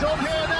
Job here now.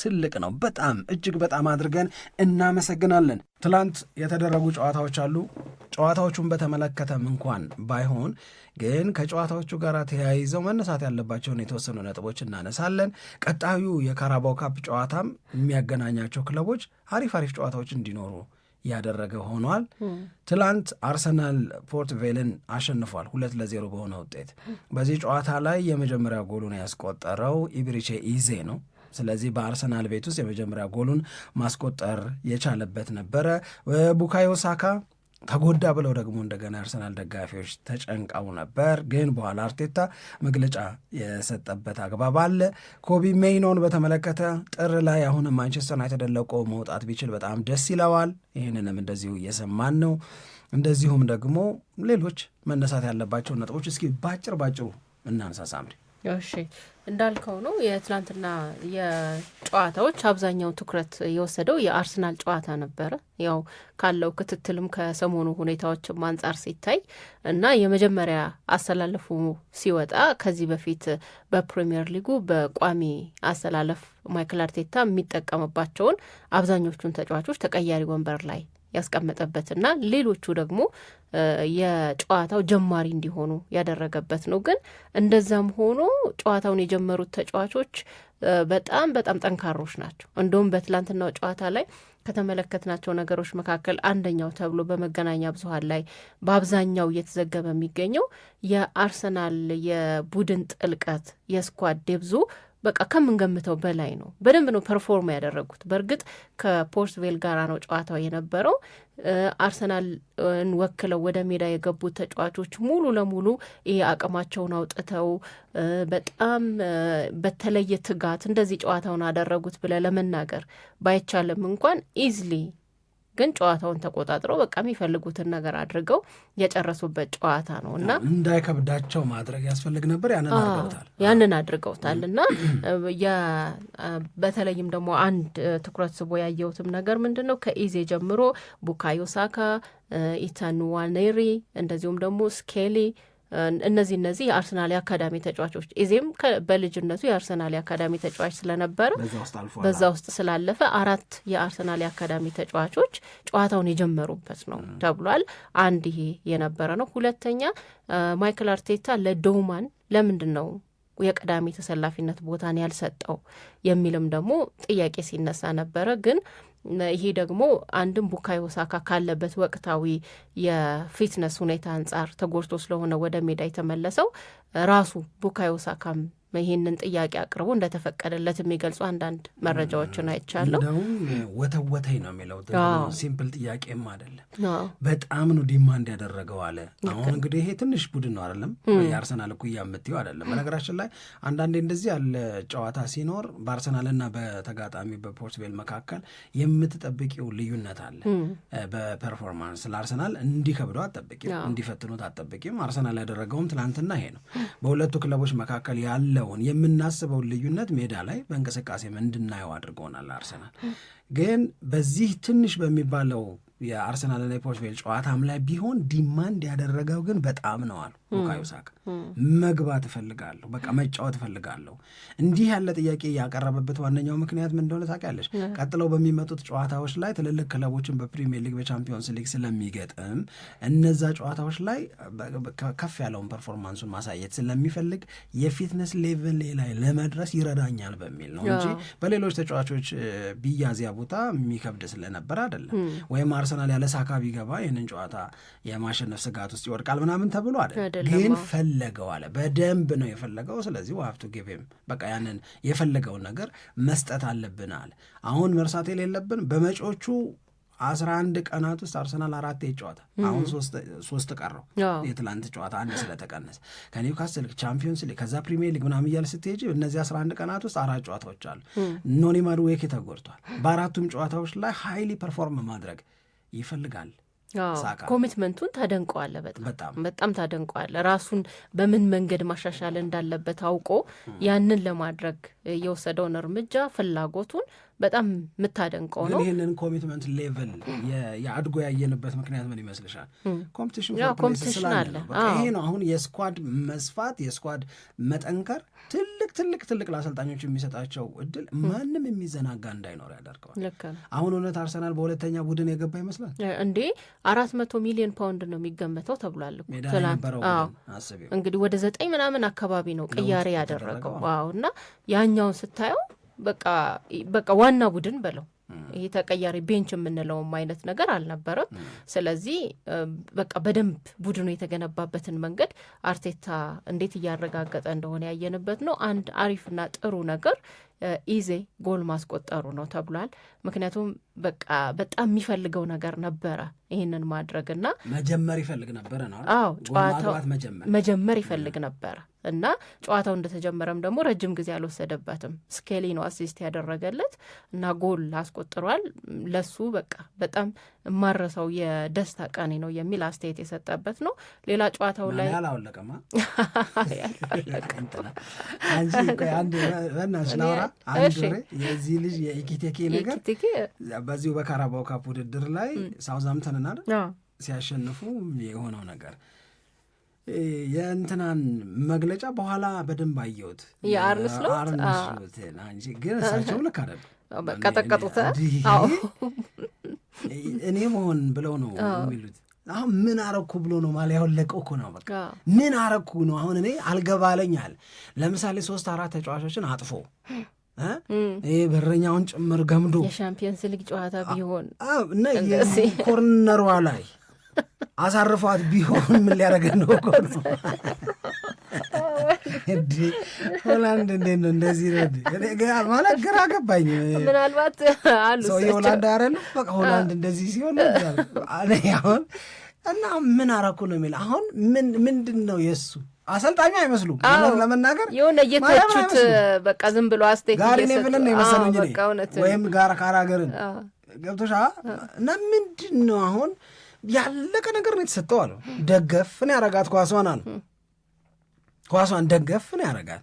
ትልቅ ነው። በጣም እጅግ በጣም አድርገን እናመሰግናለን። ትላንት የተደረጉ ጨዋታዎች አሉ። ጨዋታዎቹን በተመለከተም እንኳን ባይሆን ግን ከጨዋታዎቹ ጋር ተያይዘው መነሳት ያለባቸውን የተወሰኑ ነጥቦች እናነሳለን። ቀጣዩ የካራባው ካፕ ጨዋታም የሚያገናኛቸው ክለቦች አሪፍ አሪፍ ጨዋታዎች እንዲኖሩ ያደረገ ሆኗል። ትላንት አርሰናል ፖርት ቬልን አሸንፏል ሁለት ለዜሮ በሆነ ውጤት። በዚህ ጨዋታ ላይ የመጀመሪያ ጎሉን ያስቆጠረው ኢብሪቼ ኢዜ ነው። ስለዚህ በአርሰናል ቤት ውስጥ የመጀመሪያ ጎሉን ማስቆጠር የቻለበት ነበረ። ቡካዮ ሳካ ተጎዳ ብለው ደግሞ እንደገና የአርሰናል ደጋፊዎች ተጨንቀው ነበር። ግን በኋላ አርቴታ መግለጫ የሰጠበት አግባብ አለ። ኮቢ ሜይኖን በተመለከተ ጥር ላይ አሁን ማንቸስተር ዩናይትድ ለቆ መውጣት ቢችል በጣም ደስ ይለዋል። ይህንንም እንደዚሁ እየሰማን ነው። እንደዚሁም ደግሞ ሌሎች መነሳት ያለባቸው ነጥቦች እስኪ ባጭር ባጭሩ እናንሳሳምድ እሺ እንዳልከው ነው የትናንትና የጨዋታዎች አብዛኛው ትኩረት የወሰደው የአርሰናል ጨዋታ ነበረ። ያው ካለው ክትትልም ከሰሞኑ ሁኔታዎችም አንጻር ሲታይ እና የመጀመሪያ አሰላለፉ ሲወጣ ከዚህ በፊት በፕሪምየር ሊጉ በቋሚ አሰላለፍ ማይክል አርቴታ የሚጠቀምባቸውን አብዛኞቹን ተጫዋቾች ተቀያሪ ወንበር ላይ ያስቀመጠበትና ሌሎቹ ደግሞ የጨዋታው ጀማሪ እንዲሆኑ ያደረገበት ነው። ግን እንደዛም ሆኖ ጨዋታውን የጀመሩት ተጫዋቾች በጣም በጣም ጠንካሮች ናቸው። እንደውም በትላንትናው ጨዋታ ላይ ከተመለከትናቸው ነገሮች መካከል አንደኛው ተብሎ በመገናኛ ብዙኃን ላይ በአብዛኛው እየተዘገበ የሚገኘው የአርሰናል የቡድን ጥልቀት የስኳድ ዴብዙ በቃ ከምንገምተው በላይ ነው። በደንብ ነው ፐርፎርም ያደረጉት። በእርግጥ ከፖርት ቬል ጋራ ነው ጨዋታው የነበረው። አርሰናልን ወክለው ወደ ሜዳ የገቡት ተጫዋቾች ሙሉ ለሙሉ ይሄ አቅማቸውን አውጥተው በጣም በተለየ ትጋት እንደዚህ ጨዋታውን አደረጉት ብለ ለመናገር ባይቻልም እንኳን ኢዝሊ ግን ጨዋታውን ተቆጣጥረው በቃ የሚፈልጉትን ነገር አድርገው የጨረሱበት ጨዋታ ነው እና እንዳይከብዳቸው ማድረግ ያስፈልግ ነበር። ያንን አድርገውታል ያንን አድርገውታል እና በተለይም ደግሞ አንድ ትኩረት ስቦ ያየሁትም ነገር ምንድን ነው ከኢዜ ጀምሮ ቡካዮ ሳካ፣ ኢታኑዋኔሪ እንደዚሁም ደግሞ ስኬሊ እነዚህ እነዚህ የአርሰናል አካዳሚ ተጫዋቾች ኢዜም በልጅነቱ የአርሰናል አካዳሚ ተጫዋች ስለነበረ በዛ ውስጥ ስላለፈ አራት የአርሰናል አካዳሚ ተጫዋቾች ጨዋታውን የጀመሩበት ነው ተብሏል። አንድ ይሄ የነበረ ነው። ሁለተኛ ማይክል አርቴታ ለዶማን ለምንድን ነው የቀዳሚ ተሰላፊነት ቦታን ያልሰጠው የሚልም ደግሞ ጥያቄ ሲነሳ ነበረ ግን ይሄ ደግሞ አንድም ቡካዮ ሳካ ካለበት ወቅታዊ የፊትነስ ሁኔታ አንጻር ተጎድቶ ስለሆነ ወደ ሜዳ የተመለሰው ራሱ ቡካዮ ሳካም ይህንን ጥያቄ አቅርቦ እንደተፈቀደለት የሚገልጹ አንዳንድ መረጃዎችን አይቻለሁ። እንደውም ወተወተኝ ነው የሚለው ሲምፕል ጥያቄም አይደለም። በጣም ነው ዲማንድ ያደረገው አለ። አሁን እንግዲህ ይሄ ትንሽ ቡድን ነው አይደለም፣ የአርሰናል እኩያ የምትይው አይደለም። በነገራችን ላይ አንዳንዴ እንደዚህ ያለ ጨዋታ ሲኖር በአርሰናልና በተጋጣሚ በፖርትቤል መካከል የምትጠብቂው ልዩነት አለ። በፐርፎርማንስ ለአርሰናል እንዲከብደው አትጠብቂም፣ እንዲፈትኑት አጠብቂም። አርሰናል ያደረገውም ትናንትና ይሄ ነው። በሁለቱ ክለቦች መካከል ያለ ያለውን የምናስበውን ልዩነት ሜዳ ላይ በእንቅስቃሴም እንድናየው አድርጎናል። አርሰናል ግን በዚህ ትንሽ በሚባለው የአርሰናልና የፖርትቬል ጨዋታም ላይ ቢሆን ዲማንድ ያደረገው ግን በጣም ነው አሉ ቡካዮ ሳካ። መግባት እፈልጋለሁ፣ በቃ መጫወት እፈልጋለሁ። እንዲህ ያለ ጥያቄ ያቀረበበት ዋነኛው ምክንያት ምን እንደሆነ ታውቂያለሽ? ቀጥለው በሚመጡት ጨዋታዎች ላይ ትልልቅ ክለቦችን በፕሪሚየር ሊግ በቻምፒዮንስ ሊግ ስለሚገጥም እነዛ ጨዋታዎች ላይ ከፍ ያለውን ፐርፎርማንሱን ማሳየት ስለሚፈልግ የፊትነስ ሌቭል ላይ ለመድረስ ይረዳኛል በሚል ነው እንጂ በሌሎች ተጫዋቾች ቢያዚያ ቦታ የሚከብድ ስለነበር አይደለም ወይም አርሰናል ያለ ሳካ ቢገባ ይህንን ጨዋታ የማሸነፍ ስጋት ውስጥ ይወድቃል ምናምን ተብሎ አለ። ግን ፈለገው አለ በደንብ ነው የፈለገው። ስለዚህ ሀብቱ ጌቤም በቃ ያንን የፈለገውን ነገር መስጠት አለብን አለ። አሁን መርሳት የሌለብን በመጪዎቹ አስራ አንድ ቀናት ውስጥ አርሰናል አራት ጨዋታ አሁን ሶስት ቀረው። የትላንት ጨዋታ አንድ ስለተቀነሰ ከኒውካስል ቻምፒዮንስ ሊግ ከዛ ፕሪሚየር ሊግ ምናምን እያል ስትሄጂ እነዚህ አስራ አንድ ቀናት ውስጥ አራት ጨዋታዎች አሉ። ኖኒ ማዱዌኬ ተጎድቷል። በአራቱም ጨዋታዎች ላይ ሀይሊ ፐርፎርም ማድረግ ይፈልጋል። ኮሚትመንቱን ታደንቀዋለ። በጣም በጣም ታደንቀዋለ። ራሱን በምን መንገድ ማሻሻል እንዳለበት አውቆ ያንን ለማድረግ የወሰደውን እርምጃ ፍላጎቱን በጣም የምታደንቀው ነው። ይህንን ኮሚትመንት ሌቭል የአድጎ ያየንበት ምክንያት ምን ይመስልሻል? ኮምፒቲሽን አለ። ይሄ ነው አሁን የስኳድ መስፋት የስኳድ መጠንከር ትልቅ ትልቅ ትልቅ ለአሰልጣኞች የሚሰጣቸው እድል ማንም የሚዘናጋ እንዳይኖር ያደርገዋል። አሁን እውነት አርሰናል በሁለተኛ ቡድን የገባ ይመስላል እንዴ? አራት መቶ ሚሊዮን ፓውንድ ነው የሚገመተው ተብሏል። እንግዲህ ወደ ዘጠኝ ምናምን አካባቢ ነው ቅያሬ ያደረገው እና ያኛውን ስታየው በቃ ዋና ቡድን በለው ይሄ ተቀያሪ ቤንች የምንለውም አይነት ነገር አልነበረም። ስለዚህ በቃ በደንብ ቡድኑ የተገነባበትን መንገድ አርቴታ እንዴት እያረጋገጠ እንደሆነ ያየንበት ነው። አንድ አሪፍና ጥሩ ነገር ኢዜ ጎል ማስቆጠሩ ነው ተብሏል። ምክንያቱም በቃ በጣም የሚፈልገው ነገር ነበረ ይህንን ማድረግ እና መጀመር ይፈልግ ነበረ ነው። አዎ ጨዋታው መጀመር ይፈልግ ነበረ እና ጨዋታው እንደተጀመረም ደግሞ ረጅም ጊዜ አልወሰደበትም። ስኬሊ ነው አሲስት ያደረገለት እና ጎል አስቆጥሯል። ለሱ በቃ በጣም የማረሰው የደስታ ቀኔ ነው የሚል አስተያየት የሰጠበት ነው። ሌላ ጨዋታው ላይ ያላወለቀ አንድ ስናወራ አንድ ወሬ የዚህ ልጅ የኢኪቴኬ ነገር በዚሁ በካራባው ካፕ ውድድር ላይ ሳውዛምተን ሳውዛምተንና ሲያሸንፉ የሆነው ነገር የእንትናን መግለጫ በኋላ በደንብ አየሁት። የአርንስሎት ግን እሳቸው ልክ አይደለም ቀጠቀጡት። እኔ መሆን ብለው ነው የሚሉት አሁን ምን አረኩ ብሎ ነው ማለ ያወለቀው እኮ ነው። በቃ ምን አረኩ ነው አሁን እኔ አልገባለኛል። ለምሳሌ ሶስት አራት ተጫዋቾችን አጥፎ ይሄ በረኛውን ጭምር ገምዶ የሻምፒየንስ ሊግ ጨዋታ ቢሆን እና ኮርነሯ ላይ አሳርፏት ቢሆን ምን ሊያደረገ ነው? ሆላንድ እንዴት ነው እንደዚህ ማለት ግራ ገባኝ። ምናልባት አሉ ሰው የሆላንድ አይደል? በቃ ሆላንድ እንደዚህ ሲሆን አሁን እና ምን አረኩ ነው የሚል አሁን ምንድን ነው የእሱ አሰልጣኙ አይመስሉም ለመናገር የሆነ እየተቹት በቃ ዝም ብሎ አስቴት ጋር ኔቭልን የመሰሉኝ ወይም ጋር ካራገርን ገብቶሻ እና ምንድን ነው አሁን ያለቀ ነገር ነው የተሰጠው አለ። ደገፍን ያረጋት ኳሷን አለው ኳሷን ደገፍን ያረጋት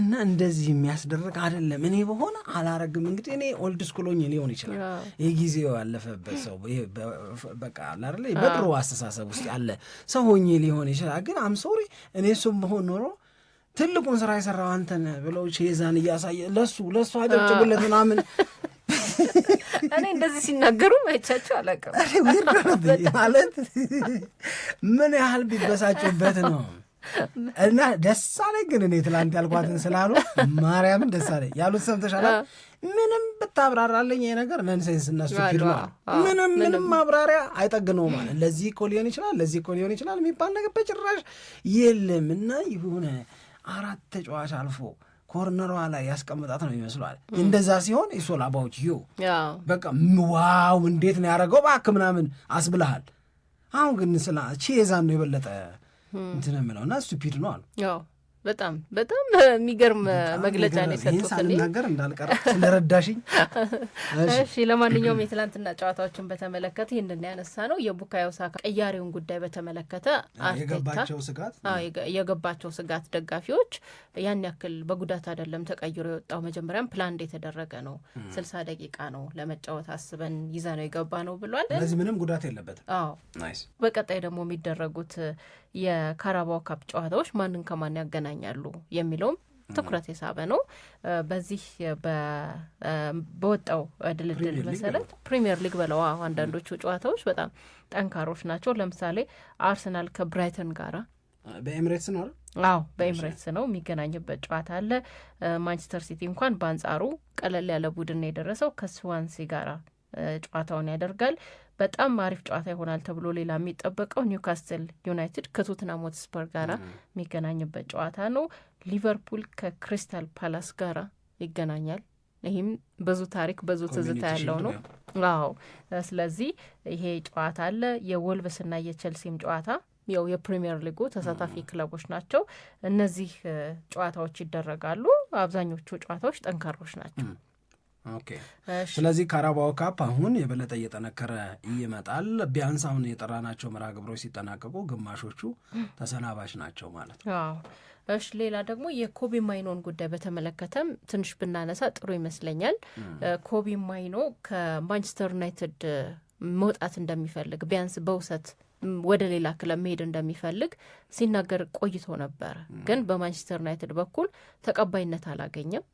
እና እንደዚህ የሚያስደርግ አይደለም። እኔ በሆነ አላረግም። እንግዲህ እኔ ኦልድ ስኩሎኝ ሊሆን ይችላል። ይህ ጊዜው ያለፈበት ሰው በቃ በድሮ አስተሳሰብ ውስጥ ያለ ሰው ሆኜ ሊሆን ይችላል። ግን አምሶሪ እኔ እሱም በሆን ኖሮ ትልቁን ስራ የሰራው አንተን ብለው ቼዛን እያሳየ ለሱ ለሱ አጨብጭቡለት ምናምን እኔ እንደዚህ ሲናገሩ መቻቸው አላውቅም ማለት ምን ያህል ቢበሳጩበት ነው እና ደስ አለኝ ግን እኔ ትላንት ያልኳትን ስላሉ ማርያምን ደስ አለኝ ያሉት ሰምተሻል። ምንም ብታብራራልኝ ይሄ ነገር ነንሴንስ እነሱ ፊድ ምንም ምንም ማብራሪያ አይጠግነው ማለት ለዚህ እኮ ሊሆን ይችላል፣ ለዚህ እኮ ሊሆን ይችላል የሚባል ነገር በጭራሽ የለም። እና የሆነ አራት ተጫዋች አልፎ ኮርነሯ ላይ ያስቀምጣት ነው ይመስሏል። እንደዛ ሲሆን ኢሶላባዎች ዩ በቃ ዋው እንዴት ነው ያደረገው እባክህ ምናምን አስብልሃል። አሁን ግን ስላ ቼዛን ነው የበለጠ እንትን የምለው እና ስቱፒድ ነው አሉ። በጣም በጣም የሚገርም መግለጫ ነው የሰጡት። ሳልናገር እንዳልቀረ ስለረዳሽኝ። እሺ፣ ለማንኛውም የትላንትና ጨዋታዎችን በተመለከተ ይህንን ያነሳ ነው የቡካዮ ሳካ ቀያሪውን ጉዳይ በተመለከተ የገባቸው ስጋት የገባቸው ስጋት ደጋፊዎች ያን ያክል በጉዳት አይደለም ተቀይሮ የወጣው መጀመሪያም ፕላንድ የተደረገ ነው። ስልሳ ደቂቃ ነው ለመጫወት አስበን ይዘ ነው የገባ ነው ብሏል። ስለዚህ ምንም ጉዳት የለበትም። በቀጣይ ደግሞ የሚደረጉት የካራባው ካፕ ጨዋታዎች ማንን ከማን ያገናኛሉ የሚለውም ትኩረት የሳበ ነው። በዚህ በወጣው ድልድል መሰረት ፕሪሚየር ሊግ በለዋ አንዳንዶቹ ጨዋታዎች በጣም ጠንካሮች ናቸው። ለምሳሌ አርሰናል ከብራይተን ጋራ በኤምሬትስ ነው አዎ በኤምሬትስ ነው የሚገናኝበት ጨዋታ አለ። ማንቸስተር ሲቲ እንኳን በአንጻሩ ቀለል ያለ ቡድን የደረሰው ከስዋንሲ ጋራ ጨዋታውን ያደርጋል። በጣም አሪፍ ጨዋታ ይሆናል ተብሎ ሌላ የሚጠበቀው ኒውካስትል ዩናይትድ ከቶትናም ሆትስፐር ጋር የሚገናኝበት ጨዋታ ነው። ሊቨርፑል ከክሪስታል ፓላስ ጋር ይገናኛል። ይህም ብዙ ታሪክ ብዙ ትዝታ ያለው ነው። አዎ ስለዚህ ይሄ ጨዋታ አለ። የወልቭስና የቸልሲም ጨዋታ ያው የፕሪሚየር ሊጉ ተሳታፊ ክለቦች ናቸው። እነዚህ ጨዋታዎች ይደረጋሉ። አብዛኞቹ ጨዋታዎች ጠንካሮች ናቸው። ስለዚህ ካራባው ካፕ አሁን የበለጠ እየጠነከረ ይመጣል። ቢያንስ አሁን የጠራናቸው መርሃ ግብሮች ሲጠናቀቁ ግማሾቹ ተሰናባሽ ናቸው ማለት ነው። እሺ ሌላ ደግሞ የኮቢ ማይኖን ጉዳይ በተመለከተም ትንሽ ብናነሳ ጥሩ ይመስለኛል። ኮቢ ማይኖ ከማንቸስተር ዩናይትድ መውጣት እንደሚፈልግ ቢያንስ በውሰት ወደ ሌላ ክለብ መሄድ እንደሚፈልግ ሲናገር ቆይቶ ነበረ፣ ግን በማንቸስተር ዩናይትድ በኩል ተቀባይነት አላገኘም።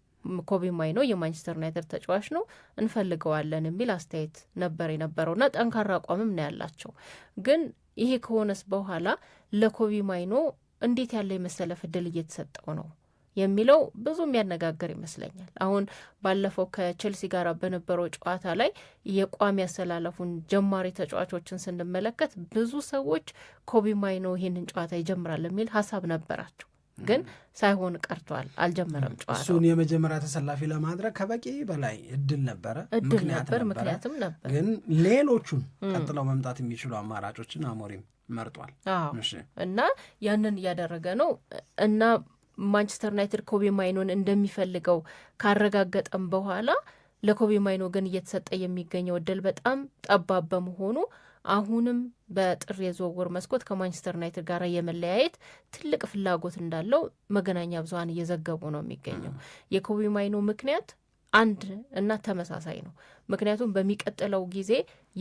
ኮቢ ማይኖ የማንቸስተር ዩናይትድ ተጫዋች ነው እንፈልገዋለን የሚል አስተያየት ነበር የነበረው እና ጠንካራ አቋምም ነው ያላቸው። ግን ይሄ ከሆነስ በኋላ ለኮቢ ማይኖ እንዴት ያለ የመሰለፍ እድል እየተሰጠው ነው የሚለው ብዙ የሚያነጋግር ይመስለኛል። አሁን ባለፈው ከቼልሲ ጋር በነበረው ጨዋታ ላይ የቋሚ ያሰላለፉን ጀማሪ ተጫዋቾችን ስንመለከት ብዙ ሰዎች ኮቢ ማይኖ ይህንን ጨዋታ ይጀምራል የሚል ሀሳብ ነበራቸው። ግን ሳይሆን ቀርቷል። አልጀመረም ጨዋታ። እሱን የመጀመሪያ ተሰላፊ ለማድረግ ከበቂ በላይ እድል ነበረ፣ እድል ነበር፣ ምክንያትም ነበር። ግን ሌሎቹን ቀጥለው መምጣት የሚችሉ አማራጮችን አሞሪም መርጧል እና ያንን እያደረገ ነው እና ማንቸስተር ዩናይትድ ኮቤ ማይኖን እንደሚፈልገው ካረጋገጠም በኋላ ለኮቤ ማይኖ ግን እየተሰጠ የሚገኘው እድል በጣም ጠባብ በመሆኑ አሁንም በጥር የዝውውር መስኮት ከማንቸስተር ዩናይትድ ጋር የመለያየት ትልቅ ፍላጎት እንዳለው መገናኛ ብዙኃን እየዘገቡ ነው የሚገኘው። የኮቢ ማይኖ ምክንያት አንድ እና ተመሳሳይ ነው። ምክንያቱም በሚቀጥለው ጊዜ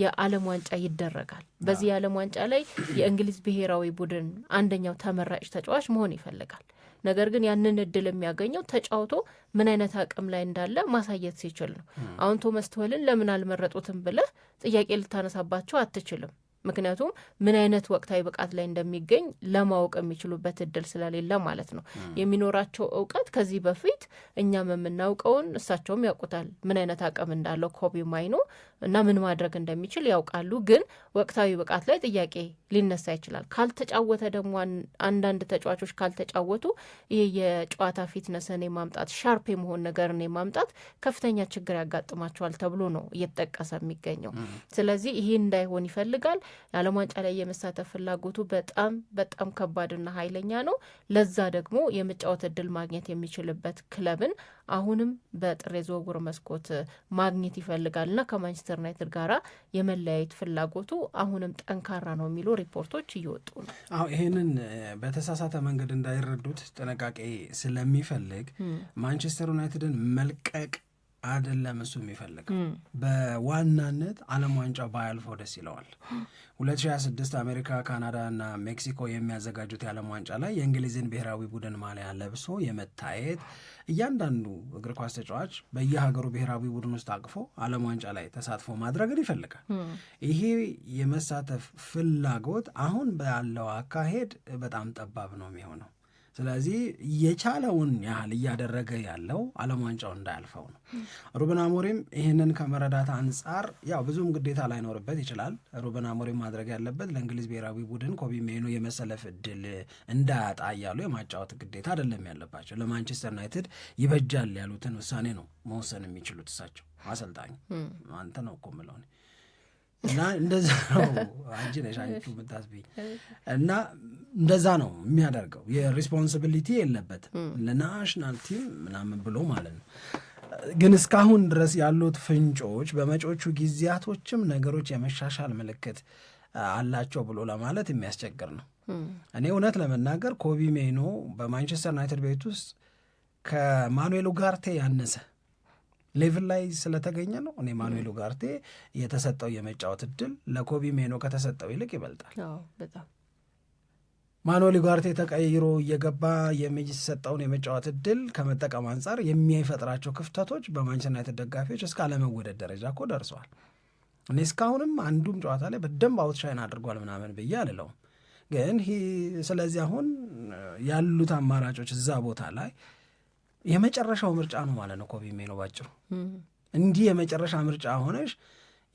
የዓለም ዋንጫ ይደረጋል። በዚህ የዓለም ዋንጫ ላይ የእንግሊዝ ብሔራዊ ቡድን አንደኛው ተመራጭ ተጫዋች መሆን ይፈልጋል። ነገር ግን ያንን እድል የሚያገኘው ተጫውቶ ምን አይነት አቅም ላይ እንዳለ ማሳየት ሲችል ነው። አሁን ቶማስ ቱኸልን ለምን አልመረጡትም ብለህ ጥያቄ ልታነሳባቸው አትችልም። ምክንያቱም ምን አይነት ወቅታዊ ብቃት ላይ እንደሚገኝ ለማወቅ የሚችሉበት እድል ስለሌለ ማለት ነው። የሚኖራቸው እውቀት ከዚህ በፊት እኛም የምናውቀውን እሳቸውም ያውቁታል። ምን አይነት አቅም እንዳለው ኮቢ ማይኖ እና ምን ማድረግ እንደሚችል ያውቃሉ። ግን ወቅታዊ ብቃት ላይ ጥያቄ ሊነሳ ይችላል። ካልተጫወተ ደግሞ አንዳንድ ተጫዋቾች ካልተጫወቱ ይህ የጨዋታ ፊትነስን የማምጣት ሻርፕ የመሆን ነገርን የማምጣት ከፍተኛ ችግር ያጋጥማቸዋል ተብሎ ነው እየተጠቀሰ የሚገኘው። ስለዚህ ይህ እንዳይሆን ይፈልጋል። የዓለም ዋንጫ ላይ የመሳተፍ ፍላጎቱ በጣም በጣም ከባድና ኃይለኛ ነው። ለዛ ደግሞ የመጫወት እድል ማግኘት የሚችልበት ክለብን አሁንም በጥር የዝውውር መስኮት ማግኘት ይፈልጋል እና ከማንቸስተር ማንቸስተር ዩናይትድ ጋራ የመለያየት ፍላጎቱ አሁንም ጠንካራ ነው የሚሉ ሪፖርቶች እየወጡ ነው። ይህንን በተሳሳተ መንገድ እንዳይረዱት ጥንቃቄ ስለሚፈልግ ማንቸስተር ዩናይትድን መልቀቅ አይደለም እሱ የሚፈልገው በዋናነት ዓለም ዋንጫ ባያልፈው ደስ ይለዋል። 2026 አሜሪካ፣ ካናዳ እና ሜክሲኮ የሚያዘጋጁት የዓለም ዋንጫ ላይ የእንግሊዝን ብሔራዊ ቡድን ማሊያ ለብሶ የመታየት እያንዳንዱ እግር ኳስ ተጫዋች በየሀገሩ ብሔራዊ ቡድን ውስጥ አቅፎ ዓለም ዋንጫ ላይ ተሳትፎ ማድረግን ይፈልጋል። ይሄ የመሳተፍ ፍላጎት አሁን ባለው አካሄድ በጣም ጠባብ ነው የሚሆነው። ስለዚህ የቻለውን ያህል እያደረገ ያለው ዓለም ዋንጫው እንዳያልፈው ነው። ሩበን አሞሪም ይህንን ከመረዳት አንጻር ያው ብዙም ግዴታ ላይኖርበት ይችላል። ሩበን አሞሪም ማድረግ ያለበት ለእንግሊዝ ብሔራዊ ቡድን ኮቢ ሜኑ የመሰለፍ እድል እንዳያጣ እያሉ የማጫወት ግዴታ አይደለም ያለባቸው። ለማንቸስተር ዩናይትድ ይበጃል ያሉትን ውሳኔ ነው መወሰን የሚችሉት እሳቸው አሰልጣኝ አንተ ነው እኮ የምለው እና እንደዛ ነው አንቺ ነሽ አንቺ እና እንደዛ ነው የሚያደርገው። የሪስፖንሲቢሊቲ የለበትም ለናሽናል ቲም ምናምን ብሎ ማለት ነው። ግን እስካሁን ድረስ ያሉት ፍንጮች በመጪዎቹ ጊዜያቶችም ነገሮች የመሻሻል ምልክት አላቸው ብሎ ለማለት የሚያስቸግር ነው። እኔ እውነት ለመናገር ኮቢ ሜኖ በማንቸስተር ዩናይትድ ቤት ውስጥ ከማኑኤል ኡጋርቴ ያነሰ ሌቭል ላይ ስለተገኘ ነው። እኔ ማኑኤል ኡጋርቴ የተሰጠው የመጫወት እድል ለኮቢ ሜኖ ከተሰጠው ይልቅ ይበልጣል። ማኑኤል ኡጋርቴ ተቀይሮ እየገባ የሚሰጠውን የመጫወት እድል ከመጠቀም አንጻር የሚፈጥራቸው ክፍተቶች በማንቸስተር ዩናይትድ ደጋፊዎች እስከ አለመወደድ ደረጃ እኮ ደርሰዋል። እኔ እስካሁንም አንዱም ጨዋታ ላይ በደንብ አውትሻይን አድርጓል ምናምን ብዬ አልለውም። ግን ስለዚህ አሁን ያሉት አማራጮች እዛ ቦታ ላይ የመጨረሻው ምርጫ ነው ማለት ነው ኮቢ ሜኖ ባጭሩ። እንዲህ የመጨረሻ ምርጫ ሆነሽ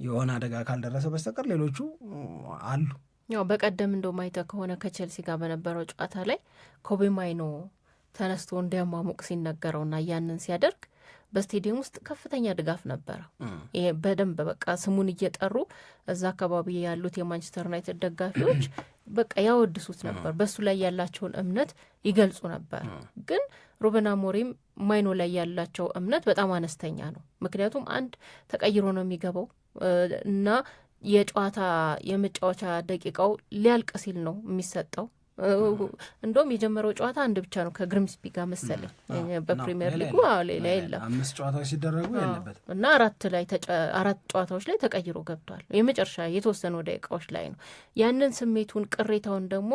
የሆነ አደጋ ካልደረሰ በስተቀር ሌሎቹ አሉ። ያው በቀደም እንደ ማይተ ከሆነ ከቼልሲ ጋር በነበረው ጨዋታ ላይ ኮቢ ማይኖ ተነስቶ እንዲያሟሙቅ ሲነገረውና ያንን ሲያደርግ በስቴዲየም ውስጥ ከፍተኛ ድጋፍ ነበረ። ይሄ በደንብ በቃ ስሙን እየጠሩ እዛ አካባቢ ያሉት የማንቸስተር ዩናይትድ ደጋፊዎች በቃ ያወድሱት ነበር። በሱ ላይ ያላቸውን እምነት ይገልጹ ነበር ግን ሩበን አሞሪም ማይኖ ላይ ያላቸው እምነት በጣም አነስተኛ ነው። ምክንያቱም አንድ ተቀይሮ ነው የሚገባው እና የጨዋታ የመጫወቻ ደቂቃው ሊያልቅ ሲል ነው የሚሰጠው። እንደውም የጀመረው ጨዋታ አንድ ብቻ ነው ከግሪምስቢ ጋር መሰለኝ በፕሪሚየር ሊጉ ሌላ የለም። አምስት ጨዋታዎች ሲደረጉ ያለበት እና አራት ላይ አራት ጨዋታዎች ላይ ተቀይሮ ገብቷል። የመጨረሻ የተወሰኑ ደቂቃዎች ላይ ነው ያንን ስሜቱን ቅሬታውን ደግሞ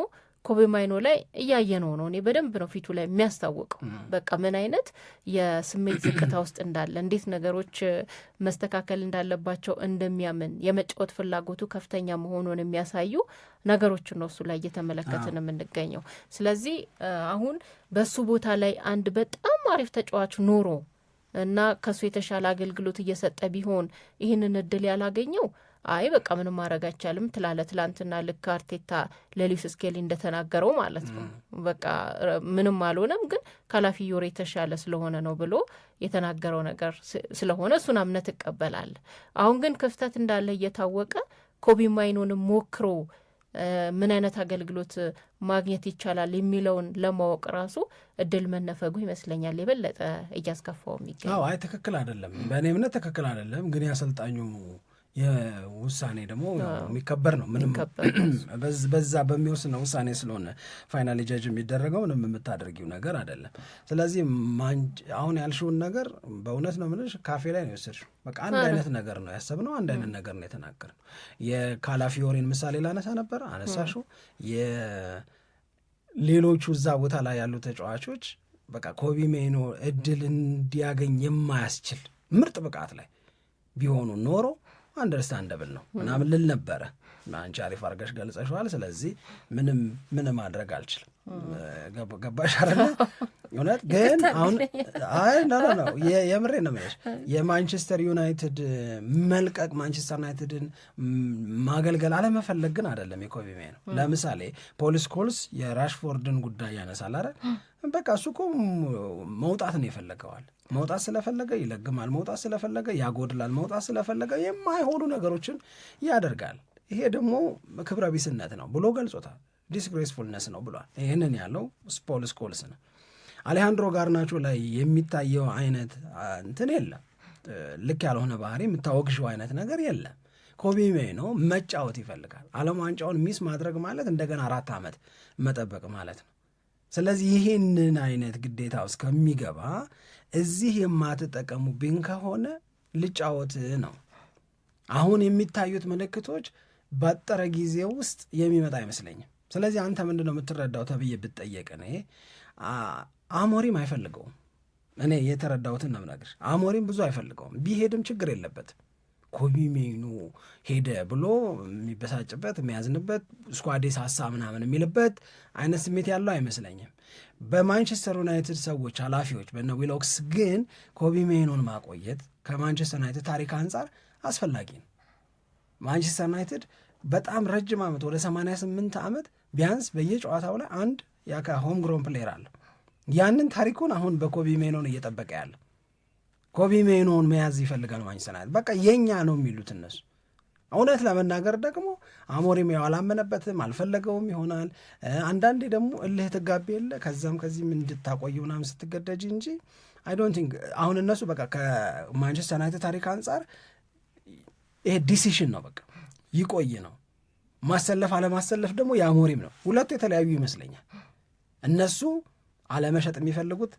ኮቤ ማይኖ ላይ እያየነው ነው። እኔ በደንብ ነው ፊቱ ላይ የሚያስታወቀው፣ በቃ ምን አይነት የስሜት ዝቅታ ውስጥ እንዳለ፣ እንዴት ነገሮች መስተካከል እንዳለባቸው እንደሚያምን፣ የመጫወት ፍላጎቱ ከፍተኛ መሆኑን የሚያሳዩ ነገሮችን ነው እሱ ላይ እየተመለከትን የምንገኘው። ስለዚህ አሁን በሱ ቦታ ላይ አንድ በጣም አሪፍ ተጫዋች ኖሮ እና ከሱ የተሻለ አገልግሎት እየሰጠ ቢሆን ይህንን እድል ያላገኘው አይ በቃ ምንም ማድረግ አይቻልም ትላለ። ትላንትና ልክ አርቴታ ለሊስ ስኬሊ እንደተናገረው ማለት ነው በቃ ምንም አልሆነም፣ ግን ዮር የተሻለ ስለሆነ ነው ብሎ የተናገረው ነገር ስለሆነ እሱን አምነት እቀበላል። አሁን ግን ክፍተት እንዳለ እየታወቀ ኮቢ ማይኖንም ሞክሮ ምን አይነት አገልግሎት ማግኘት ይቻላል የሚለውን ለማወቅ ራሱ እድል መነፈጉ ይመስለኛል የበለጠ እያስከፋው የሚገኝ። አይ ትክክል አይደለም፣ በእኔ እምነት ትክክል አይደለም። ግን ያሰልጣኙ የውሳኔ ደግሞ የሚከበር ነው። ምንም በዛ በሚወስነ ውሳኔ ስለሆነ ፋይናል ጃጅ የሚደረገው ምንም የምታደርጊው ነገር አይደለም። ስለዚህ አሁን ያልሽውን ነገር በእውነት ነው የምልሽ፣ ካፌ ላይ ነው የወሰድሽው። በቃ አንድ አይነት ነገር ነው ያሰብነው፣ አንድ አይነት ነገር ነው የተናገርነው። የካላፊዮሪን ምሳሌ ላነሳ ነበር አነሳሽው። የሌሎቹ እዛ ቦታ ላይ ያሉ ተጫዋቾች በቃ ኮቢ ሜኖ እድል እንዲያገኝ የማያስችል ምርጥ ብቃት ላይ ቢሆኑ ኖሮ አንደርስታንደብል ነው ምናምን ልል ነበረ። አንቺ አሪፍ አድርገሽ ስለዚህ ምንም ምንም ማድረግ አልችልም። ገባሽ አለ እውነት ግን አሁን አይ ኖ ኖ ነው የምሬ ነው የሚለሽ የማንቸስተር ዩናይትድ መልቀቅ ማንቸስተር ዩናይትድን ማገልገል አለመፈለግ ግን አይደለም የኮቢ ሜኑ ነው ለምሳሌ ፖሊስ ኮልስ የራሽፎርድን ጉዳይ ያነሳል አረ በቃ እሱ እኮ መውጣት ነው የፈለገዋል መውጣት ስለፈለገ ይለግማል መውጣት ስለፈለገ ያጎድላል መውጣት ስለፈለገ የማይሆኑ ነገሮችን ያደርጋል ይሄ ደግሞ ክብረ ቢስነት ነው ብሎ ገልጾታል ዲስግሬስፉልነስ ነው ብሏል። ይህንን ያለው ፖል ስኮልስ ነው። አሌሃንድሮ ጋርናቾ ላይ የሚታየው አይነት እንትን የለም። ልክ ያልሆነ ባህሪ የምታወግሽው አይነት ነገር የለም። ኮቢ ሜይኖ መጫወት ይፈልጋል። ዓለም ዋንጫውን ሚስ ማድረግ ማለት እንደገና አራት ዓመት መጠበቅ ማለት ነው። ስለዚህ ይህንን አይነት ግዴታ ውስጥ ከሚገባ እዚህ የማትጠቀሙብኝ ከሆነ ልጫወት ነው። አሁን የሚታዩት ምልክቶች ባጠረ ጊዜ ውስጥ የሚመጣ አይመስለኝም። ስለዚህ አንተ ምንድን ነው የምትረዳው ተብዬ ብትጠየቅ እኔ አሞሪም አይፈልገውም። እኔ የተረዳሁትን ነው አሞሪም ብዙ አይፈልገውም። ቢሄድም ችግር የለበትም። ኮሚሜኑ ሄደ ብሎ የሚበሳጭበት የሚያዝንበት ስኳዴ ሳሳ ምናምን የሚልበት አይነት ስሜት ያለው አይመስለኝም። በማንቸስተር ዩናይትድ ሰዎች ኃላፊዎች በነ ዊሎክስ ግን ኮቢሜኑን ማቆየት ከማንቸስተር ዩናይትድ ታሪክ አንጻር አስፈላጊ ነው። ማንቸስተር ዩናይትድ በጣም ረጅም ዓመት ወደ 88 ዓመት ቢያንስ በየጨዋታው ላይ አንድ ያካ ሆም ግሮን ፕሌየር አለ። ያንን ታሪኩን አሁን በኮቢ ሜኖን እየጠበቀ ያለ ኮቢ ሜኖን መያዝ ይፈልጋል ማንችስተር ዩናይትድ። በቃ የኛ ነው የሚሉት እነሱ። እውነት ለመናገር ደግሞ አሞሪም ያው አላመነበትም፣ አልፈለገውም ይሆናል። አንዳንዴ ደግሞ እልህ ትጋቤ የለ ከዛም ከዚህም እንድታቆይ ምናምን ስትገደጅ እንጂ አይ ዶንት ቲንክ አሁን እነሱ በቃ ከማንቸስተር ዩናይትድ ታሪክ አንጻር ይሄ ዲሲሽን ነው በቃ ይቆይ ነው ማሰለፍ አለማሰለፍ ደግሞ የአሞሪም ነው። ሁለቱ የተለያዩ ይመስለኛል። እነሱ አለመሸጥ የሚፈልጉት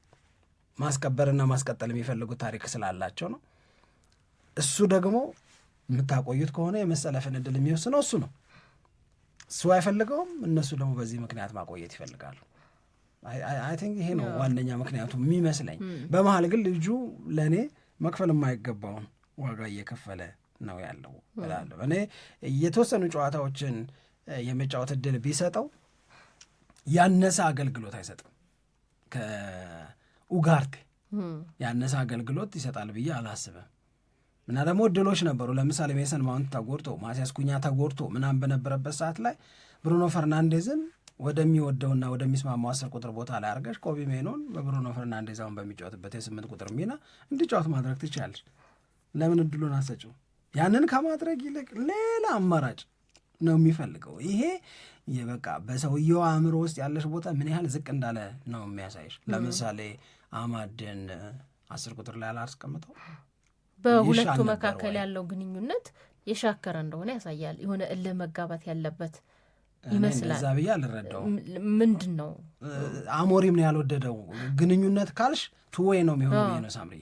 ማስከበርና ማስቀጠል የሚፈልጉት ታሪክ ስላላቸው ነው። እሱ ደግሞ የምታቆዩት ከሆነ የመሰለፍን እድል የሚወስነው እሱ ነው። እሱ አይፈልገውም። እነሱ ደግሞ በዚህ ምክንያት ማቆየት ይፈልጋሉ። አይ ቲንክ ይሄ ነው ዋነኛ ምክንያቱ የሚመስለኝ። በመሀል ግን ልጁ ለእኔ መክፈል የማይገባውን ዋጋ እየከፈለ ነው ያለው እላለሁ። እኔ የተወሰኑ ጨዋታዎችን የመጫወት እድል ቢሰጠው ያነሰ አገልግሎት አይሰጥም። ከኡጋርቴ ያነሰ አገልግሎት ይሰጣል ብዬ አላስብም። እና ደግሞ እድሎች ነበሩ። ለምሳሌ ሜሰን ማውንት ተጎድቶ ማሲያስ ኩኛ ተጎድቶ ምናምን በነበረበት ሰዓት ላይ ብሩኖ ፈርናንዴዝን ወደሚወደውና ወደሚስማማው አስር ቁጥር ቦታ ላይ አድርገሽ ኮቢ ሜኖን በብሩኖ ፈርናንዴዝ አሁን በሚጫወትበት የስምንት ቁጥር ሚና እንዲጫወት ማድረግ ትችላለች። ለምን እድሉን አሰጭው? ያንን ከማድረግ ይልቅ ሌላ አማራጭ ነው የሚፈልገው። ይሄ በቃ በሰውየው አእምሮ ውስጥ ያለሽ ቦታ ምን ያህል ዝቅ እንዳለ ነው የሚያሳይሽ። ለምሳሌ አማድን አስር ቁጥር ላይ አላስቀምጠው በሁለቱ መካከል ያለው ግንኙነት የሻከረ እንደሆነ ያሳያል። የሆነ እልህ መጋባት ያለበት ይመስላል። እዛ ብዬ አልረዳው ምንድን ነው አሞሪም ነው ያልወደደው ግንኙነት ካልሽ ቱዌ ነው የሚሆነው ነው ሳምሪ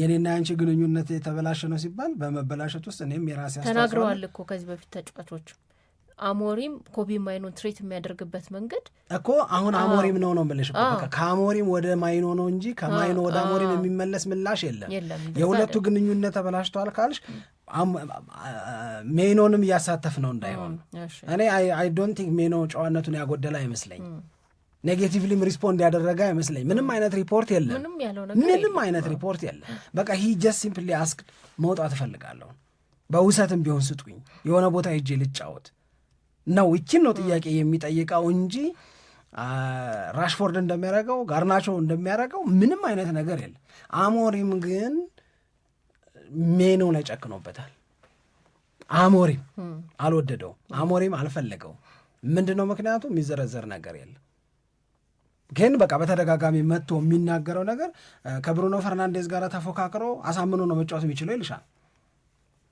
የኔና ያንቺ ግንኙነት የተበላሸ ነው ሲባል በመበላሸት ውስጥ እኔም የራሴ ተናግረዋል እኮ ከዚህ በፊት ተጫዋቾች አሞሪም ኮቢ ማይኖን ትሬት የሚያደርግበት መንገድ እኮ አሁን አሞሪም ነው ነው ምልሽ ከአሞሪም ወደ ማይኖ ነው እንጂ ከማይኖ ወደ አሞሪም የሚመለስ ምላሽ የለም። የሁለቱ ግንኙነት ተበላሽተዋል ካልሽ ሜኖንም እያሳተፍ ነው እንዳይሆን እኔ አይ ዶንት ቲንክ ሜኖ ጨዋነቱን ያጎደለ አይመስለኝም። ኔጌቲቭሊም ሪስፖንድ ያደረገ አይመስለኝ። ምንም አይነት ሪፖርት የለም፣ ምንም አይነት ሪፖርት የለም። በቃ ሂ ጀስት ሲምፕሊ አስክድ መውጣት እፈልጋለሁ፣ በውሰትም ቢሆን ስጡኝ፣ የሆነ ቦታ ሄጄ ልጫወት ነው። ይችን ነው ጥያቄ የሚጠይቀው እንጂ ራሽፎርድ እንደሚያደርገው ጋርናቾ እንደሚያደርገው ምንም አይነት ነገር የለም። አሞሪም ግን ሜኑ ላይ ጨክኖበታል። አሞሪም አልወደደውም፣ አሞሪም አልፈለገውም። ምንድን ነው ምክንያቱ? የሚዘረዘር ነገር የለም። ግን በቃ በተደጋጋሚ መጥቶ የሚናገረው ነገር ከብሩኖ ፈርናንዴዝ ጋር ተፎካክሮ አሳምኖ ነው መጫወት የሚችለው ይልሻል።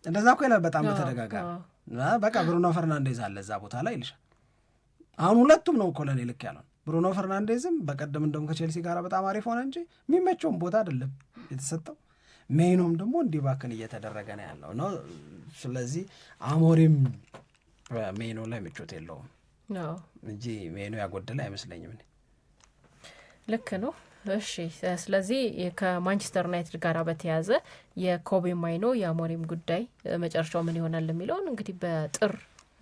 እንደዛ እኮ ይላል በጣም በተደጋጋሚ በቃ ብሩኖ ፈርናንዴዝ አለ እዛ ቦታ ላይ ይልሻል። አሁን ሁለቱም ነው እኮ ለእኔ ልክ ብሩኖ ፈርናንዴዝም በቀደም እንደውም ከቼልሲ ጋር በጣም አሪፍ ሆነ እንጂ የሚመቸውም ቦታ አይደለም የተሰጠው። ሜይኖም ደግሞ እንዲባክን እየተደረገ ነው ያለው ነው። ስለዚህ አሞሪም ሜኖ ላይ ምቾት የለውም እንጂ ሜይኖ ያጎደለ አይመስለኝም። ልክ ነው። እሺ ስለዚህ ከማንቸስተር ዩናይትድ ጋር በተያያዘ የኮቢ ማይኖ የአሞሪም ጉዳይ መጨረሻው ምን ይሆናል የሚለውን እንግዲህ በጥር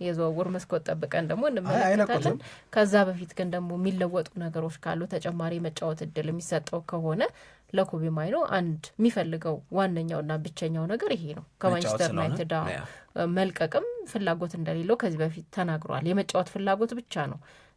የዝውውር መስኮት ጠብቀን ደግሞ እንመለከታለን። ከዛ በፊት ግን ደግሞ የሚለወጡ ነገሮች ካሉ ተጨማሪ መጫወት እድል የሚሰጠው ከሆነ ለኮቢ ማይኖ አንድ የሚፈልገው ዋነኛውና ብቸኛው ነገር ይሄ ነው። ከማንቸስተር ዩናይትድ መልቀቅም ፍላጎት እንደሌለው ከዚህ በፊት ተናግሯል። የመጫወት ፍላጎት ብቻ ነው